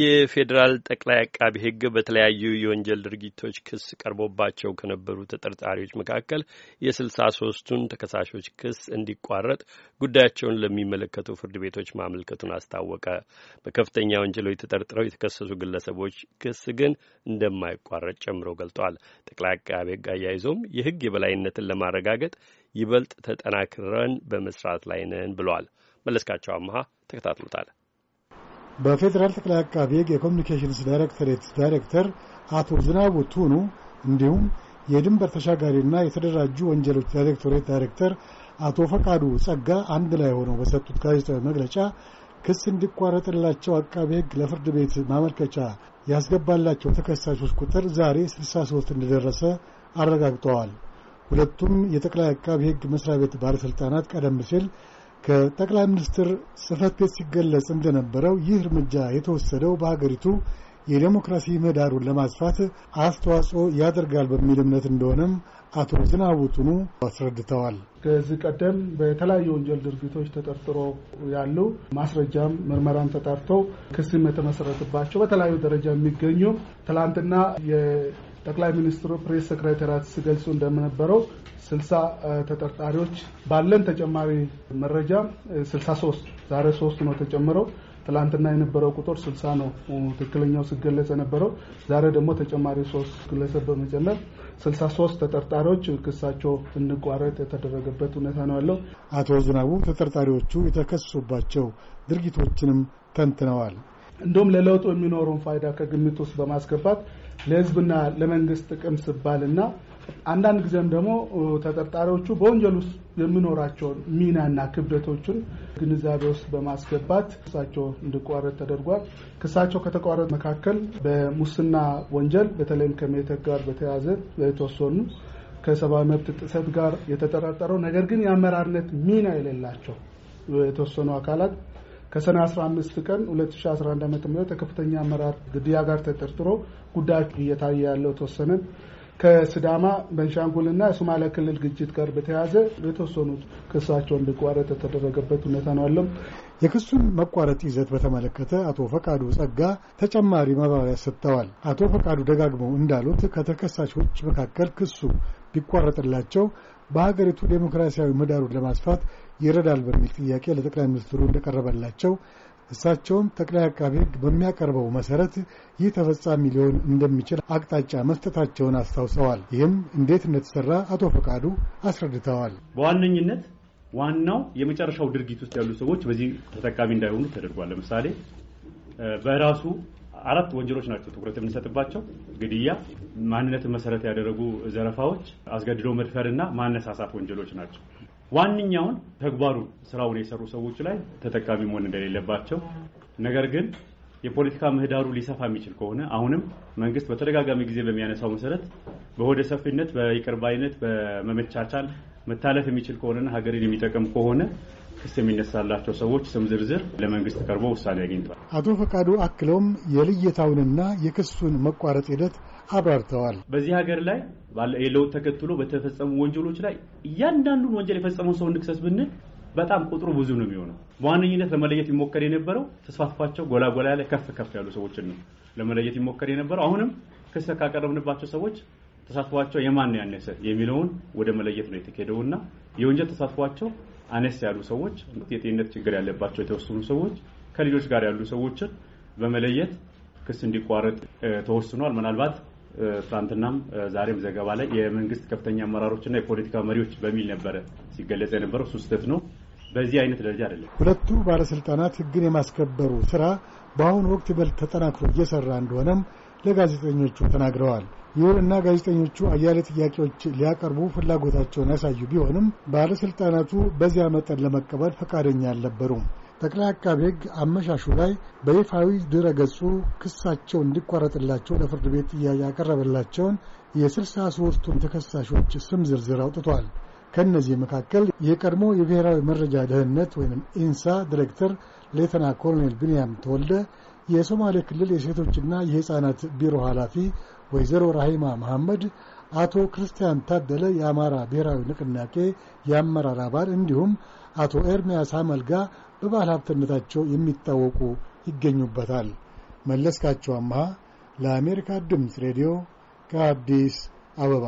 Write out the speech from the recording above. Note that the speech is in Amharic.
የፌዴራል ጠቅላይ አቃቢ ሕግ በተለያዩ የወንጀል ድርጊቶች ክስ ቀርቦባቸው ከነበሩ ተጠርጣሪዎች መካከል የስልሳ ሶስቱን ተከሳሾች ክስ እንዲቋረጥ ጉዳያቸውን ለሚመለከቱ ፍርድ ቤቶች ማመልከቱን አስታወቀ። በከፍተኛ ወንጀሎች ተጠርጥረው የተከሰሱ ግለሰቦች ክስ ግን እንደማይቋረጥ ጨምሮ ገልጧል። ጠቅላይ አቃቢ ሕግ አያይዞም የሕግ የበላይነትን ለማረጋገጥ ይበልጥ ተጠናክረን በመስራት ላይ ነን ብሏል። መለስካቸው አመሃ ተከታትሎታል። በፌዴራል ጠቅላይ አቃቤ ሕግ የኮሚኒኬሽንስ ዳይሬክቶሬት ዳይሬክተር አቶ ዝናቡ ቱኑ እንዲሁም የድንበር ተሻጋሪና የተደራጁ ወንጀሎች ዳይሬክቶሬት ዳይሬክተር አቶ ፈቃዱ ጸጋ አንድ ላይ ሆነው በሰጡት ጋዜጣዊ መግለጫ ክስ እንዲቋረጥላቸው አቃቤ ሕግ ለፍርድ ቤት ማመልከቻ ያስገባላቸው ተከሳሾች ቁጥር ዛሬ 63 እንደደረሰ አረጋግጠዋል። ሁለቱም የጠቅላይ አቃቤ ሕግ መስሪያ ቤት ባለሥልጣናት ቀደም ሲል ከጠቅላይ ሚኒስትር ጽህፈት ቤት ሲገለጽ እንደነበረው ይህ እርምጃ የተወሰደው በሀገሪቱ የዴሞክራሲ ምህዳሩን ለማስፋት አስተዋጽኦ ያደርጋል በሚል እምነት እንደሆነም አቶ ዝናቡ ቱኑ አስረድተዋል። ከዚህ ቀደም በተለያዩ ወንጀል ድርጊቶች ተጠርጥሮ ያሉ ማስረጃም ምርመራም ተጣርቶ ክስም የተመሰረተባቸው በተለያዩ ደረጃ የሚገኙ ትላንትና ጠቅላይ ሚኒስትሩ ፕሬስ ሴክሬታሪያት ሲገልጹ እንደነበረው 60 ተጠርጣሪዎች ባለን ተጨማሪ መረጃ 63 ዛሬ ሶስት ነው ተጨምረው ትላንትና የነበረው ቁጥር 60 ነው ትክክለኛው ሲገለጽ የነበረው። ዛሬ ደግሞ ተጨማሪ ሶስት ግለሰብ በመጨመር 63 ተጠርጣሪዎች ክሳቸው እንቋረጥ የተደረገበት ሁኔታ ነው ያለው። አቶ ዝናቡ ተጠርጣሪዎቹ የተከሰሱባቸው ድርጊቶችንም ተንትነዋል። እንዲሁም ለለውጡ የሚኖረውን ፋይዳ ከግምት ውስጥ በማስገባት ለህዝብና ለመንግስት ጥቅም ስባልና አንዳንድ ጊዜም ደግሞ ተጠርጣሪዎቹ በወንጀል ውስጥ የሚኖራቸውን ሚናና ክብደቶችን ግንዛቤ ውስጥ በማስገባት ክሳቸው እንዲቋረጥ ተደርጓል። ክሳቸው ከተቋረጥ መካከል በሙስና ወንጀል በተለይም ከሜተ ጋር በተያያዘ የተወሰኑ ከሰብአዊ መብት ጥሰት ጋር የተጠረጠረው ነገር ግን የአመራርነት ሚና የሌላቸው የተወሰኑ አካላት ከሰኔ 15 ቀን 2011 ዓ.ም ከከፍተኛ አመራር ግድያ ጋር ተጠርጥሮ ጉዳይ እየታየ ያለው ተወሰነ ከስዳማ በንሻንጉልና የሶማሊያ ክልል ግጭት ጋር በተያያዘ የተወሰኑት ክሳቸውን እንዲቋረጥ የተደረገበት ሁኔታ ነው ያለው። የክሱን መቋረጥ ይዘት በተመለከተ አቶ ፈቃዱ ጸጋ ተጨማሪ ማብራሪያ ሰጥተዋል። አቶ ፈቃዱ ደጋግመው እንዳሉት ከተከሳሾች መካከል ክሱ ቢቋረጥላቸው በሀገሪቱ ዴሞክራሲያዊ ምህዳሩን ለማስፋት ይረዳል በሚል ጥያቄ ለጠቅላይ ሚኒስትሩ እንደቀረበላቸው እሳቸውም ጠቅላይ አቃቤ ሕግ በሚያቀርበው መሰረት ይህ ተፈጻሚ ሊሆን እንደሚችል አቅጣጫ መስጠታቸውን አስታውሰዋል። ይህም እንዴት እንደተሰራ አቶ ፈቃዱ አስረድተዋል። በዋነኝነት ዋናው የመጨረሻው ድርጊት ውስጥ ያሉ ሰዎች በዚህ ተጠቃሚ እንዳይሆኑ ተደርጓል። ለምሳሌ በራሱ አራት ወንጀሎች ናቸው ትኩረት የምንሰጥባቸው፣ ግድያ፣ ማንነትን መሰረት ያደረጉ ዘረፋዎች፣ አስገድዶ መድፈር እና ማነሳሳት ወንጀሎች ናቸው። ዋነኛውን ተግባሩን ስራውን የሰሩ ሰዎች ላይ ተጠቃሚ መሆን እንደሌለባቸው ነገር ግን የፖለቲካ ምህዳሩ ሊሰፋ የሚችል ከሆነ አሁንም መንግስት በተደጋጋሚ ጊዜ በሚያነሳው መሰረት በሆደ ሰፊነት፣ በይቅርባይነት በመመቻቻል መታለፍ የሚችል ከሆነና ሀገርን የሚጠቅም ከሆነ ክስ የሚነሳላቸው ሰዎች ስም ዝርዝር ለመንግስት ቀርቦ ውሳኔ አግኝቷል። አቶ ፈቃዱ አክለውም የልየታውንና የክሱን መቋረጥ ሂደት አብራርተዋል። በዚህ ሀገር ላይ የለውጥ ተከትሎ በተፈጸሙ ወንጀሎች ላይ እያንዳንዱን ወንጀል የፈጸመው ሰው እንክሰስ ብንል በጣም ቁጥሩ ብዙ ነው የሚሆነው። በዋነኝነት ለመለየት ይሞከር የነበረው ተሳትፏቸው ጎላ ጎላ ላይ ከፍ ከፍ ያሉ ሰዎችን ነው ለመለየት ይሞከር የነበረው። አሁንም ክስ ካቀረብንባቸው ሰዎች ተሳትፏቸው የማን ያነሰ የሚለውን ወደ መለየት ነው የተካሄደውና የወንጀል ተሳትፏቸው አነስ ያሉ ሰዎች፣ የጤንነት ችግር ያለባቸው የተወሰኑ ሰዎች፣ ከልጆች ጋር ያሉ ሰዎችን በመለየት ክስ እንዲቋረጥ ተወስኗል። ምናልባት ትናንትናም ዛሬም ዘገባ ላይ የመንግስት ከፍተኛ አመራሮችና የፖለቲካ መሪዎች በሚል ነበረ ሲገለጽ የነበረው። እሱ ስህተት ነው። በዚህ አይነት ደረጃ አይደለም። ሁለቱ ባለስልጣናት ህግን የማስከበሩ ስራ በአሁኑ ወቅት ይበልጥ ተጠናክሮ እየሰራ እንደሆነም ለጋዜጠኞቹ ተናግረዋል። ይሁንና ጋዜጠኞቹ አያሌ ጥያቄዎች ሊያቀርቡ ፍላጎታቸውን ያሳዩ ቢሆንም ባለሥልጣናቱ በዚያ መጠን ለመቀበል ፈቃደኛ አልነበሩም። ጠቅላይ አቃቤ ሕግ አመሻሹ ላይ በይፋዊ ድረ ገጹ ክሳቸው እንዲቋረጥላቸው ለፍርድ ቤት ጥያቄ ያቀረበላቸውን የስልሳ ሶስቱን ተከሳሾች ስም ዝርዝር አውጥቷል። ከእነዚህ መካከል የቀድሞ የብሔራዊ መረጃ ደህንነት ወይም ኢንሳ ዲሬክተር ሌተና ኮሎኔል ቢንያም ተወልደ የሶማሌ ክልል የሴቶችና የሕፃናት ቢሮ ኃላፊ ወይዘሮ ራሂማ መሐመድ፣ አቶ ክርስቲያን ታደለ የአማራ ብሔራዊ ንቅናቄ የአመራር አባል እንዲሁም አቶ ኤርሚያስ አመልጋ በባለ ሀብትነታቸው የሚታወቁ ይገኙበታል። መለስካቸው አምሃ ለአሜሪካ ድምፅ ሬዲዮ ከአዲስ አበባ